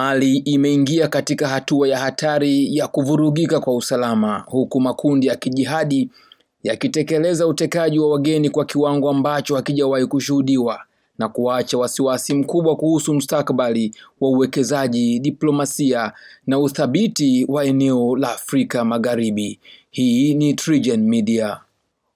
Mali imeingia katika hatua ya hatari ya kuvurugika kwa usalama huku makundi ya kijihadi yakitekeleza utekaji wa wageni kwa kiwango ambacho hakijawahi kushuhudiwa na kuacha wasiwasi mkubwa kuhusu mustakabali wa uwekezaji, diplomasia na uthabiti wa eneo la Afrika Magharibi. Hii ni TriGen Media.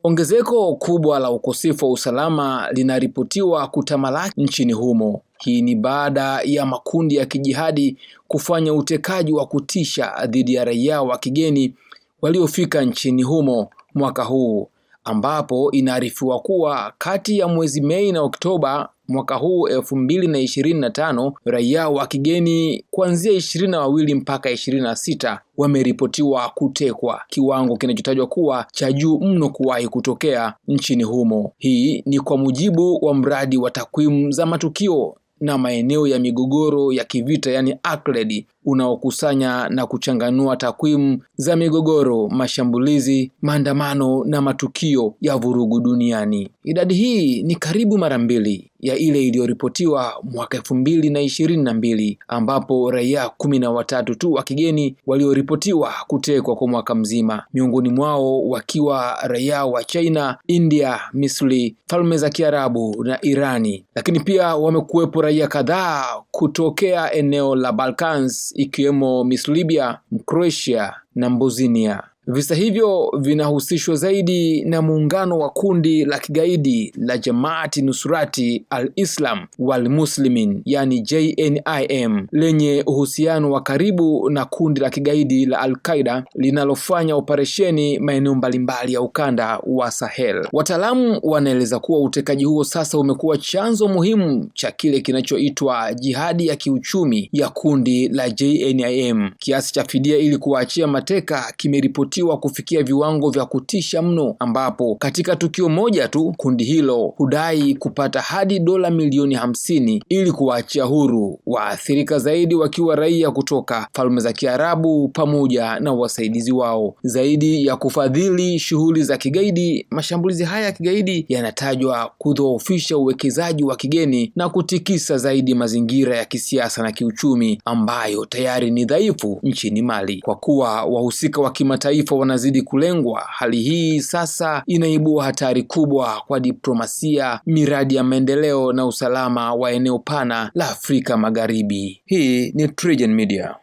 Ongezeko kubwa la ukosefu wa usalama linaripotiwa kutamalaki nchini humo. Hii ni baada ya makundi ya kijihadi kufanya utekaji wa kutisha dhidi ya raia wa kigeni waliofika nchini humo mwaka huu ambapo inaarifiwa kuwa kati ya mwezi Mei na Oktoba mwaka huu elfu mbili na ishirini na tano raia wa kigeni kuanzia ishirini na wawili mpaka ishirini na sita wameripotiwa kutekwa, kiwango kinachotajwa kuwa cha juu mno kuwahi kutokea nchini humo. Hii ni kwa mujibu wa mradi wa takwimu za matukio na maeneo ya migogoro ya kivita, yani ACLED unaokusanya na kuchanganua takwimu za migogoro, mashambulizi, maandamano na matukio ya vurugu duniani. Idadi hii ni karibu mara mbili ya ile iliyoripotiwa mwaka elfu mbili na ishirini na mbili ambapo raia kumi na watatu tu wa kigeni walioripotiwa kutekwa kwa mwaka mzima, miongoni mwao wakiwa raia wa China, India, Misri, Falme za Kiarabu na Irani, lakini pia wamekuwepo raia kadhaa kutokea eneo la Balkans ikiwemo Miss Libya, Croatia na Bosnia. Visa hivyo vinahusishwa zaidi na muungano wa kundi la kigaidi la Jamaati Nusrati al-Islam wal Muslimin, yani JNIM, lenye uhusiano wa karibu na kundi la kigaidi la Al-Qaida linalofanya operesheni maeneo mbalimbali ya ukanda wa Sahel. Wataalamu wanaeleza kuwa utekaji huo sasa umekuwa chanzo muhimu cha kile kinachoitwa jihadi ya kiuchumi ya kundi la JNIM. Kiasi cha fidia ili kuwaachia mateka kimeripoti kuripotiwa kufikia viwango vya kutisha mno, ambapo katika tukio moja tu kundi hilo hudai kupata hadi dola milioni hamsini ili kuwaachia huru waathirika, zaidi wakiwa raia kutoka falme za Kiarabu pamoja na wasaidizi wao. Zaidi ya kufadhili shughuli za kigaidi, mashambulizi haya ya kigaidi yanatajwa kudhoofisha uwekezaji wa kigeni na kutikisa zaidi mazingira ya kisiasa na kiuchumi ambayo tayari ni dhaifu nchini Mali, kwa kuwa wahusika wa kimataifa kimataifa wanazidi kulengwa. Hali hii sasa inaibua hatari kubwa kwa diplomasia, miradi ya maendeleo na usalama wa eneo pana la Afrika Magharibi. Hii ni TriGen Media.